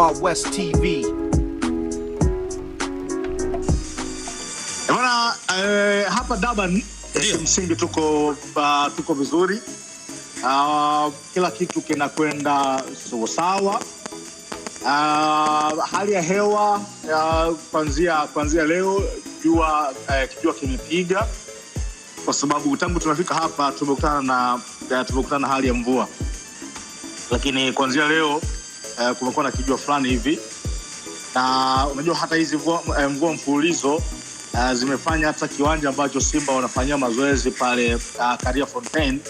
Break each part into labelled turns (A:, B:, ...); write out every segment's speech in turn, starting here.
A: Wild West TV. Bwana eh, hapa Durban eh, kimsingi tuko uh, tuko vizuri uh, kila kitu kinakwenda sawasawa. Uh, hali ya hewa uh, kuanzia leo jua uh, kimepiga kwa sababu tangu tunafika hapa tumekutana na eh, tumekutana na hali ya mvua, lakini kuanzia leo eh, kumekuwa na kijua fulani hivi, na unajua hata hizi mvua, eh, mvua mfululizo eh, zimefanya hata kiwanja ambacho Simba wanafanyia mazoezi pale uh, Karia Fontain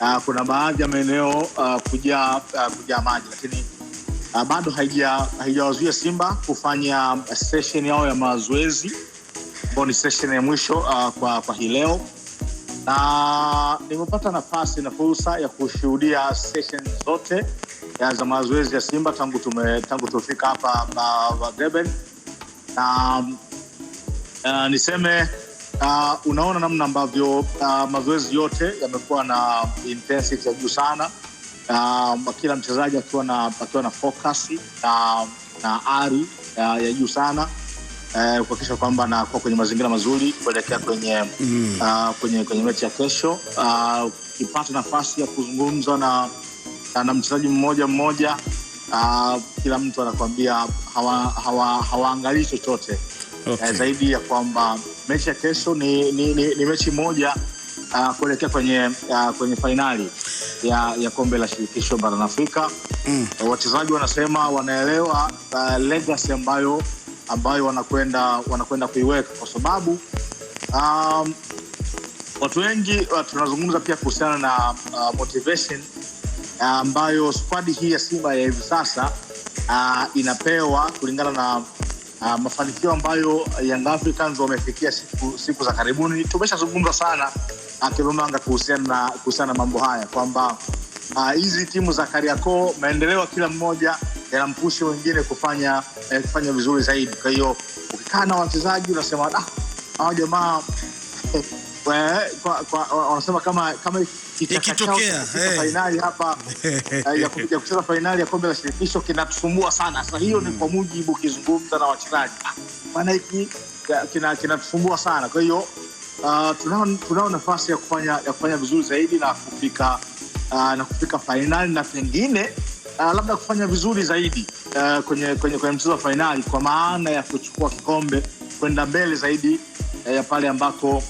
A: uh, eh, kuna baadhi ya maeneo uh, kuja uh, kuja maji, lakini uh, bado haijawazuia Simba kufanya session yao ya mazoezi ambayo ni session ya mwisho uh, kwa, kwa hii leo na nimepata nafasi na fursa ya kushuhudia session zote ya za mazoezi ya Simba tangu tume tangu tufika hapa Deben na uh, niseme uh, unaona namna ambavyo uh, mazoezi yote yamekuwa na intensity ya juu sana uh, kila mchezaji akiwa na akiwa na focus na, na ari uh, ya juu sana uh, kuhakikisha kwamba anakuwa kwenye mazingira mazuri kuelekea kwenye, mm. uh, kwenye kwenye mechi ya kesho uh, ukipata nafasi ya kuzungumza na na mchezaji mmoja mmoja. Uh, kila mtu anakuambia hawaangalii hawa, hawa chochote eh, okay. Uh, zaidi ya kwamba mechi ya kesho ni, ni, ni, ni mechi moja uh, kuelekea kwenye, uh, kwenye fainali ya, ya kombe la shirikisho barani Afrika mm. Uh, wachezaji wanasema wanaelewa uh, legacy ambayo, ambayo wanakwenda wanakwenda kuiweka kwa sababu um, watu wengi tunazungumza pia kuhusiana na uh, motivation Ah, ambayo skwadi hii ya Simba ya hivi sasa uh, inapewa kulingana na uh, mafanikio ambayo Young Africans wamefikia siku, siku za karibuni. Tumeshazungumza sana Akilomanga kuhusiana na mambo haya kwamba hizi uh, timu za Kariakoo, maendeleo ya kila mmoja yanampushi wengine kufanya eh, kufanya vizuri zaidi. Kwa hiyo ukikaa na wachezaji unasema ah, jamaa wanasema kama kama
B: ikitokea
A: fainali hapa eh, ya kucheza fainali ya kombe la shirikisho kinatusumbua sana. Sasa hiyo ni hmm. kwa mujibu kizungumza na wachezaji, maana hiki kinatusumbua sana. Kwa hiyo ah, tunao nafasi ya kufanya ya kufanya vizuri zaidi na kufika ah, na kufika fainali na pengine ah, labda kufanya vizuri zaidi eh, kwenye kwenye mchezo wa fainali, kwa maana ya kuchukua kikombe kwenda mbele zaidi eh, ya pale ambako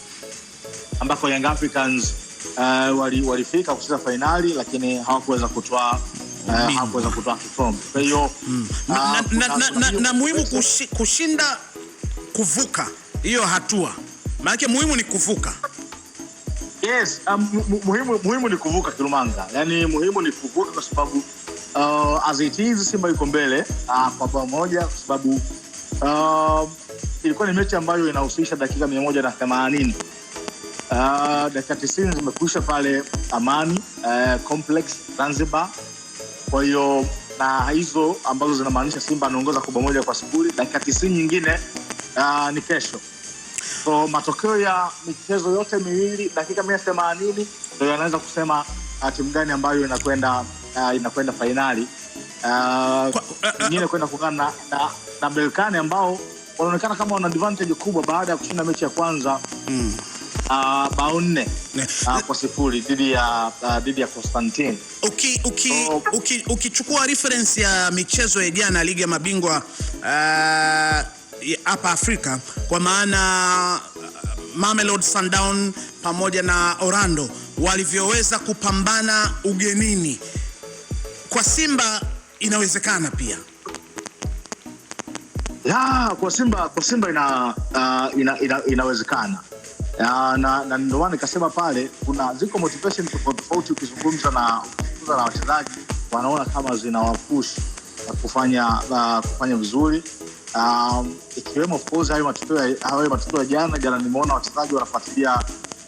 A: ambako Young Africans uh, walifika wali kucheza fainali lakini hawakuweza kutoa eh, mm. hawakuweza kutoa kikombe.
B: Kwa hiyo mm. ah, na, muhimu kushi, kushinda kuvuka hiyo hatua, maanake muhimu ni kuvuka.
A: Yes, um, muhimu, muhimu ni kuvuka Kilumanga, yani muhimu ni kuvuka kwa sababu uh, as it is Simba yuko mbele uh, kwa bao moja kwa sababu uh, ilikuwa ni mechi ambayo inahusisha dakika 180 Uh, dakika tisini zimekuisha pale Amani uh, Complex Zanzibar. Kwa hiyo na hizo ambazo zinamaanisha Simba anaongoza kubwa moja kwa sifuri. Dakika tisini nyingine uh, ni kesho. So matokeo ya michezo yote miwili dakika mia themanini ndo yanaweza kusema ah, timu gani ambayo inakwenda uh, inakwenda fainali eh, eh, nyingine uh, kwenda kuungana na, na, na belkani ambao wanaonekana kama wana advantage kubwa baada ya kushinda mechi ya kwanza mm. Ah, bao nne ah, kwa sifuri dhidi ya ah, dhidi ya Constantine.
B: Ukichukua uki, uki, uki reference ya michezo ya jana ligi ya mabingwa hapa uh, Afrika kwa maana Mamelodi Sundown pamoja na Orlando walivyoweza kupambana ugenini, kwa Simba inawezekana pia
A: ya, kwa Simba kwa Simba ina, uh, ina, ina, inawezekana na, na ndio maana nikasema pale kuna ziko motivation tofauti tofauti. Ukizungumza na ukizungumza na wachezaji wanaona kama zinawapush kufanya uh, kufanya vizuri um, ikiwemo of course hayo matokeo hayo matokeo ya jana jana. Nimeona wachezaji wanafuatilia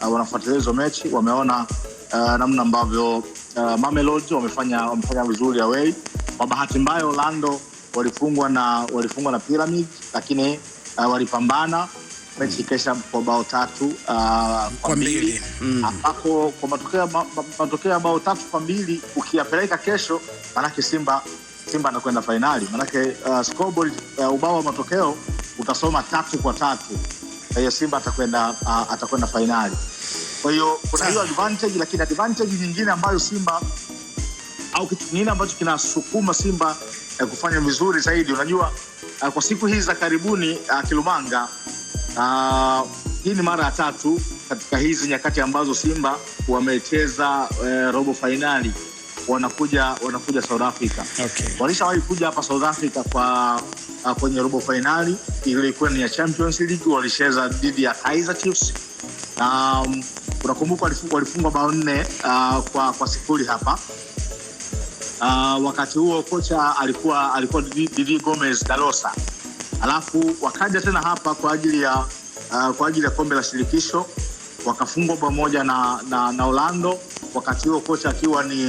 A: uh, wanafuatilia hizo mechi, wameona uh, namna ambavyo uh, Mamelodi wamefanya wamefanya vizuri away. Kwa bahati mbaya Orlando walifungwa na walifungwa na Pyramid, lakini uh, walipambana mechi ikaisha bao tatu uh, kwa mbili mm. ambapo kwa matokeo matokeo ya bao tatu kwa mbili ukiyapeleka kesho, manake Simba Simba anakwenda fainali, manake uh, scoreboard uh, ubao wa matokeo utasoma tatu kwa tatu. Kwa hiyo Simba atakwenda uh, atakwenda fainali. Kwa hiyo kuna hiyo advantage, lakini advantage nyingine ambayo Simba au kitu kingine ambacho kinasukuma Simba uh, kufanya vizuri zaidi, unajua uh, kwa siku hizi za karibuni uh, Kilumanga Uh, hii ni mara ya tatu katika hizi nyakati ambazo Simba wamecheza uh, robo fainali wanakuja wanakuja South Africa. Okay. Walishawahi kuja hapa South Africa kwa uh, kwenye robo fainali ilikuwa ni ya Champions League, walicheza dhidi ya Kaizer Chiefs. Um, unakumbuka walifungwa bao nne uh, kwa, kwa sifuri hapa uh, wakati huo kocha alikuwa alikuwa Didi Gomez Dalosa alafu wakaja tena hapa kwa ajili ya uh, kwa ajili ya kombe la shirikisho wakafungwa pamoja na, na, na Orlando, wakati huo kocha akiwa ni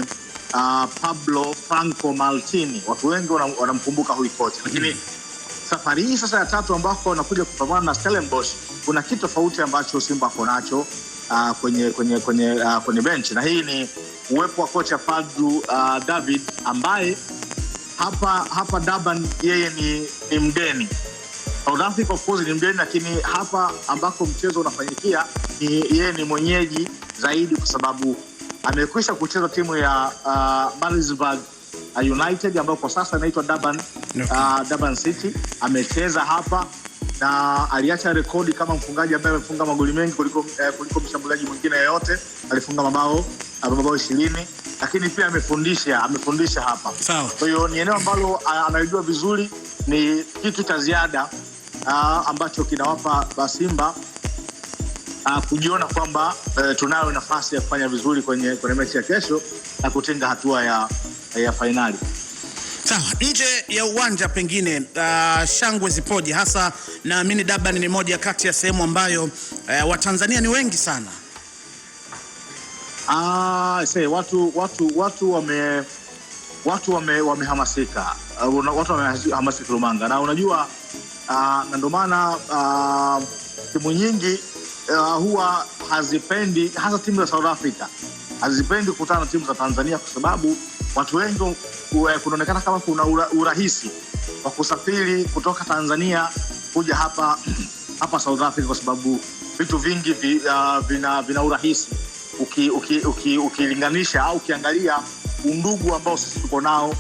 A: uh, Pablo Franco maltini Watu wengi wanamkumbuka wana huyu kocha lakini mm -hmm. safari hii sasa ya tatu ambako wanakuja kupambana na Stellenbosch, kuna kitu tofauti ambacho Simba ako nacho uh, kwenye kwenye kwenye, uh, kwenye benchi na hii ni uwepo wa kocha Fadlu uh, David ambaye hapa hapa Durban yeye ni, ni mgeni South Africa of course ni mgeni, lakini hapa ambako mchezo unafanyikia ni yeye ni mwenyeji zaidi, kwa sababu amekwisha kucheza timu ya uh, Maritzburg United ambayo kwa sasa inaitwa Durban, uh, Durban City. Amecheza hapa na aliacha rekodi kama mfungaji ambaye amefunga magoli mengi kuliko, eh, kuliko mshambuliaji mwingine yeyote. Alifunga mabao eh, mabao ishirini, lakini pia amefundisha amefundisha hapa. Kwa hiyo ni eneo ambalo uh, anajua vizuri, ni kitu cha ziada uh, ambacho kinawapa Simba uh, kujiona kwamba uh, tunayo nafasi ya kufanya vizuri kwenye, kwenye mechi ya kesho na kutinga hatua ya, ya fainali.
B: Sawa, nje ya uwanja pengine, uh, shangwe zipoje? Hasa naamini Durban ni moja kati ya sehemu ambayo uh, Watanzania ni wengi sana.
A: Ah, say, watu watu watu wame watu wamehamasika wame uh, watu wamehamasika Rumanga, na unajua Ah, na ndio maana ah, timu nyingi uh, huwa hazipendi hasa timu za South Africa hazipendi kukutana na timu za Tanzania kwa sababu watu wengi eh, kunaonekana kama kuna ura, urahisi wa kusafiri kutoka Tanzania kuja hapa hapa South Africa kwa sababu vitu vingi vi, uh, vina, vina urahisi ukilinganisha uki, uki, uki au ukiangalia undugu ambao sisi tuko nao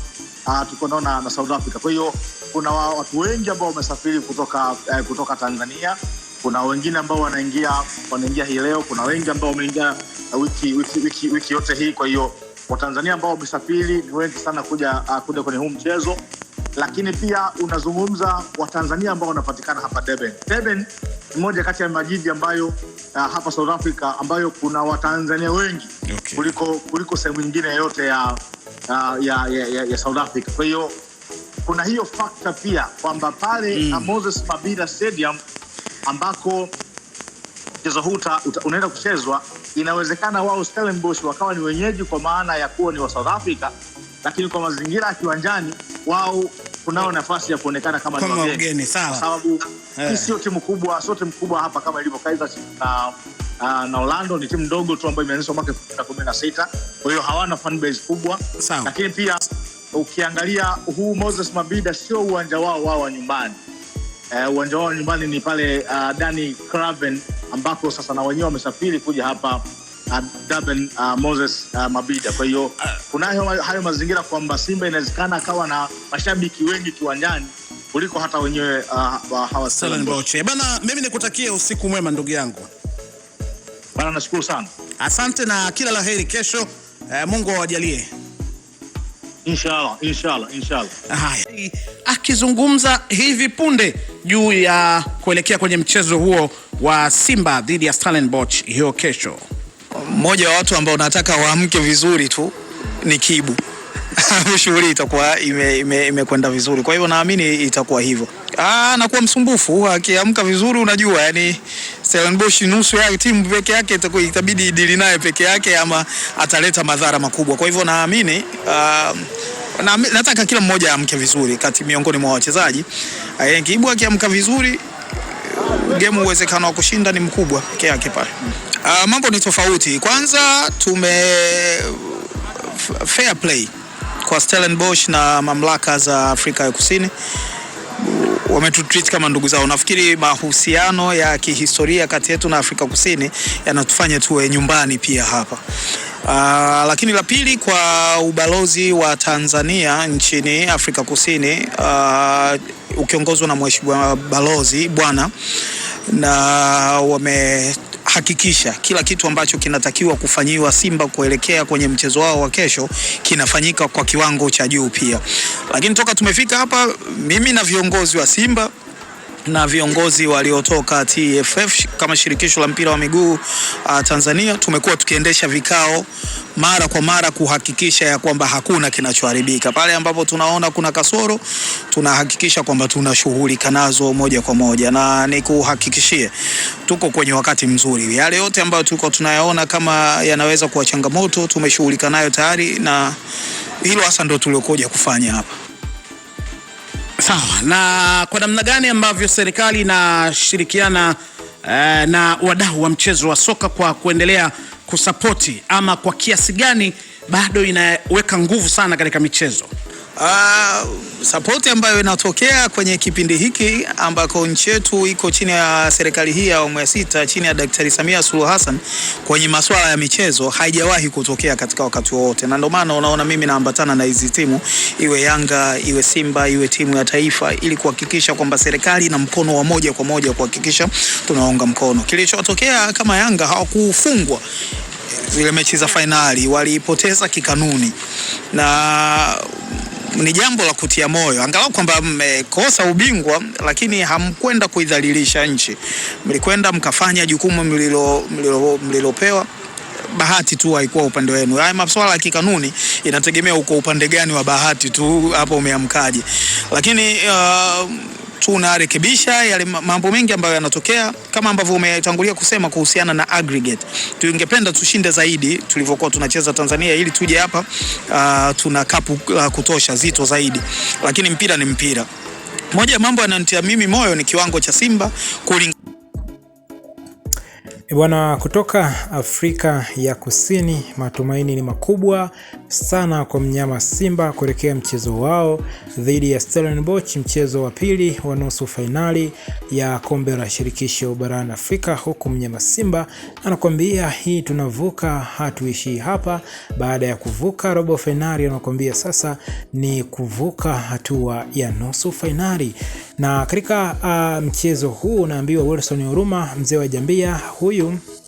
A: uh, ah, tukiwa na, na South Africa. Kwa hiyo kuna watu wengi ambao wamesafiri kutoka, uh, kutoka Tanzania. Kuna wengine ambao wanaingia wanaingia hii leo, kuna wengi ambao wameingia uh, wiki, wiki, wiki, wiki yote hii. Kwa hiyo Watanzania ambao wamesafiri ni wengi sana kuja, uh, kuja kwenye huu mchezo lakini pia unazungumza Watanzania ambao wanapatikana hapa Durban. Durban ni moja kati ya majiji ambayo uh, hapa South Africa ambayo kuna Watanzania wengi okay, kuliko, kuliko sehemu nyingine yote ya ya, ya, ya, ya South Africa. Kwa hiyo kuna hiyo fakta pia kwamba pale mm. Moses Mabhida Stadium ambako mchezo huu unaenda kuchezwa, inawezekana wao Stellenbosch wakawa ni wenyeji kwa maana ya kuwa ni wa South Africa, lakini kwa mazingira ya kiwanjani wao kunao nafasi ya kuonekana kama
B: ni wageni,
A: sawa, sababu hii eh. sio timu kubwa, sio timu kubwa hapa kama ilivyo Kaizer Chiefs na Uh, na Orlando ni timu ndogo tu ambayo imeanzishwa mwaka 2016 kwa hiyo hawana fan base kubwa. Lakini pia ukiangalia huu Moses Mabida sio uwanja wao wao wa nyumbani. Uh, uwanja wao wa nyumbani ni pale uh, ah, Dani Craven ambako sasa na wenyewe wamesafiri kuja hapa uh, Durban, uh, Moses uh, Mabida. Kwa hiyo kuna hayo hayo mazingira kwamba Simba inawezekana akawa na mashabiki wengi kiwanjani kuliko hata wenyewe uh, hawa
B: Stellenbosch. Eh, bana, mimi nikutakie usiku mwema ndugu yangu.
A: Bana, nashukuru sana,
B: asante na kila la heri kesho. Eh, Mungu awajalie
A: inshallah, inshallah, inshallah. Haya,
B: akizungumza hivi punde juu ya kuelekea kwenye mchezo huo wa Simba dhidi ya Stellenbosch hiyo kesho,
C: mmoja wa watu ambao nataka waamke vizuri tu ni Kibu. shughuli itakuwa imekwenda ime, ime vizuri. Kwa hiyo naamini itakuwa hivyo. Ah, nakuwa msumbufu akiamka vizuri, unajua yani Stellenbosch nusu ya timu peke yake itabidi idili naye peke yake, ama ataleta madhara makubwa. Kwa hivyo naamini uh, ah, na, nataka kila mmoja amke vizuri kati miongoni mwa wachezaji. Ah, Kibu akiamka vizuri game, uwezekano wa kushinda ni mkubwa peke yake pale. Uh, mambo ni tofauti. Kwanza tume fair play kwa Stellenbosch na mamlaka za Afrika ya Kusini wametutreat kama ndugu zao. Nafikiri mahusiano ya kihistoria kati yetu na Afrika Kusini yanatufanya tuwe nyumbani pia hapa. Uh, lakini la pili kwa ubalozi wa Tanzania nchini Afrika Kusini uh, ukiongozwa na mheshimiwa balozi bwana, na wamehakikisha kila kitu ambacho kinatakiwa kufanyiwa Simba kuelekea kwenye mchezo wao wa kesho kinafanyika kwa kiwango cha juu pia. Lakini toka tumefika hapa, mimi na viongozi wa Simba na viongozi waliotoka TFF kama shirikisho la mpira wa miguu uh, Tanzania, tumekuwa tukiendesha vikao mara kwa mara kuhakikisha ya kwamba hakuna kinachoharibika. Pale ambapo tunaona kuna kasoro, tunahakikisha kwamba tunashughulika nazo moja kwa moja, na nikuhakikishie tuko kwenye wakati mzuri. Yale yote ambayo tuko tunayaona kama yanaweza kuwa changamoto, tumeshughulika nayo tayari, na hilo hasa ndio tuliokuja kufanya hapa.
B: Sawa. Na kwa namna gani ambavyo serikali inashirikiana eh, na wadau wa mchezo wa soka kwa kuendelea kusapoti ama kwa kiasi gani bado inaweka nguvu sana katika michezo?
C: Uh, ah, sapoti ambayo inatokea kwenye kipindi hiki ambako nchi yetu iko chini ya serikali hii ya awamu ya sita chini ya Daktari Samia Suluhu Hassan kwenye masuala ya michezo haijawahi kutokea katika wakati wowote, na ndio maana unaona mimi naambatana na hizi timu, iwe Yanga iwe Simba iwe timu ya taifa, ili kuhakikisha kwamba serikali na mkono wa moja kwa moja kuhakikisha tunaunga mkono. Kilichotokea kama Yanga hawakufungwa zile mechi za fainali, walipoteza kikanuni na ni jambo la kutia moyo, angalau kwamba mmekosa ubingwa, lakini hamkwenda kuidhalilisha nchi. Mlikwenda mkafanya jukumu mlilo mlilopewa. Bahati tu haikuwa upande wenu. Haya maswala ya kikanuni inategemea uko upande gani wa bahati tu, hapo umeamkaje, lakini uh, tunarekebisha yale mambo mengi ambayo yanatokea kama ambavyo umetangulia kusema kuhusiana na aggregate. Tungependa tushinde zaidi tulivyokuwa tunacheza Tanzania, ili tuje hapa uh, tuna kapu uh, kutosha zito zaidi, lakini mpira ni mpira. Moja ya mambo yananitia mimi moyo ni kiwango cha Simba kuling
D: Bwana, kutoka Afrika ya Kusini, matumaini ni makubwa sana kwa mnyama Simba kuelekea mchezo wao dhidi ya Stellenbosch, mchezo wa pili wa nusu fainali ya kombe la shirikisho barani Afrika, huku mnyama Simba anakuambia hii tunavuka, hatuishii hapa. Baada ya kuvuka robo fainali, anakuambia sasa ni kuvuka hatua ya nusu fainali, na katika uh, mchezo huu unaambiwa Wilson Oruma, mzee wa jambia huyu Beijo!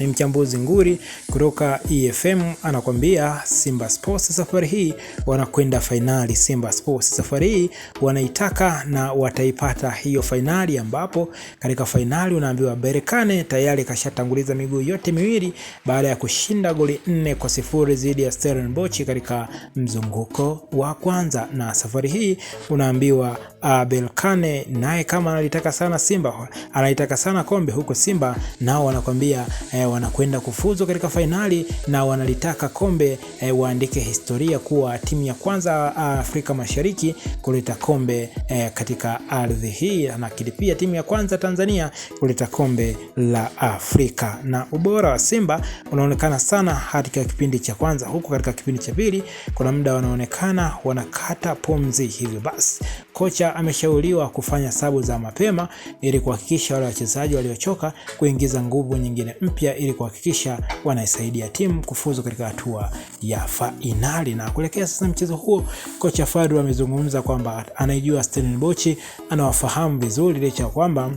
D: Ni mchambuzi nguri kutoka EFM anakwambia Simba Sports safari hii wanakwenda fainali. Simba Sports safari hii wanaitaka na wataipata hiyo fainali, ambapo katika fainali unaambiwa Berkane tayari kashatanguliza miguu yote miwili baada ya kushinda goli nne kwa sifuri dhidi ya Stellenbosch katika mzunguko wa kwanza, na safari hii unaambiwa ah, Berkane naye kama analitaka sana Simba, anaitaka sana kombe, huko Simba nao wanakwambia eh, wanakwenda kufuzu katika fainali na wanalitaka kombe e, waandike historia kuwa timu ya kwanza ah, Afrika Mashariki kuleta kombe e, katika ardhi hii, lakini pia timu ya kwanza Tanzania kuleta kombe la Afrika. Na ubora wa Simba unaonekana sana katika kipindi cha kwanza, huku katika kipindi cha pili kuna muda wanaonekana wanakata pumzi. Hivyo basi kocha ameshauriwa kufanya sabu za mapema ili kuhakikisha wale wachezaji waliochoka kuingiza nguvu nyingine mpya ili kuhakikisha wanaisaidia timu kufuzu katika hatua ya fainali. Na kuelekea sasa mchezo huo, kocha Fadu amezungumza kwamba anaijua Stellenbosch, anawafahamu vizuri licha ya kwamba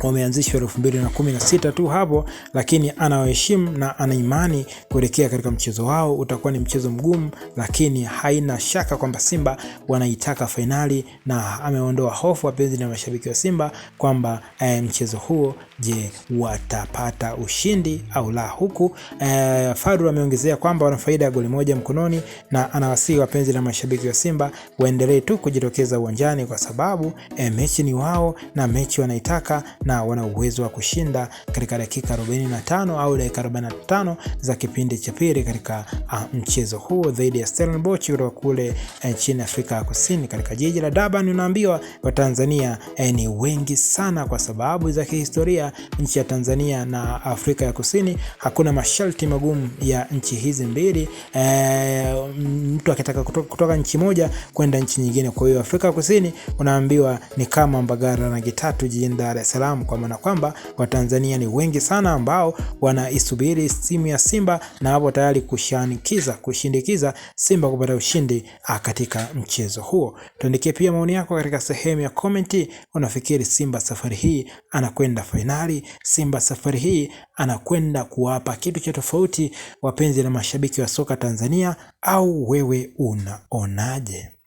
D: wameanzishwa elfu mbili na kumi na sita tu hapo, lakini anawaheshimu na ana imani kuelekea katika mchezo wao utakuwa ni mchezo mgumu, lakini haina shaka kwamba Simba wanaitaka fainali, na ameondoa hofu wapenzi na mashabiki wa Simba kwamba eh, mchezo huo je watapata ushindi au la. Huku eh, Fadlu ameongezea kwamba wana faida ya goli moja mkononi na anawasihi wapenzi na mashabiki wa Simba waendelee tu kujitokeza uwanjani kwa sababu eh, mechi ni wao na mechi wanaitaka na wana uwezo wa kushinda katika dakika 45 au dakika 45 za kipindi cha pili katika uh, mchezo huo dhidi ya Stellenbosch kutoka kule nchini eh, Afrika ya Kusini katika jiji la Durban. Unaambiwa Watanzania eh, ni wengi sana kwa sababu za kihistoria nchi ya Tanzania na Afrika ya Kusini, hakuna masharti magumu ya nchi hizi mbili e, mtu akitaka kutoka, kutoka nchi moja kwenda nchi nyingine. Kwa hiyo Afrika ya Kusini unaambiwa ni kama Mbagara rangi tatu jijini Dar es Salaam, kwa maana kwamba Watanzania ni wengi sana ambao wanaisubiri simu ya Simba na hapo tayari kushanikiza kushindikiza Simba kupata ushindi ah, katika mchezo huo. Tuandikie pia maoni yako katika sehemu ya komenti. Unafikiri Simba safari hii anakwenda fainali? tayari Simba safari hii anakwenda kuwapa kitu cha tofauti wapenzi na mashabiki wa soka Tanzania, au wewe unaonaje?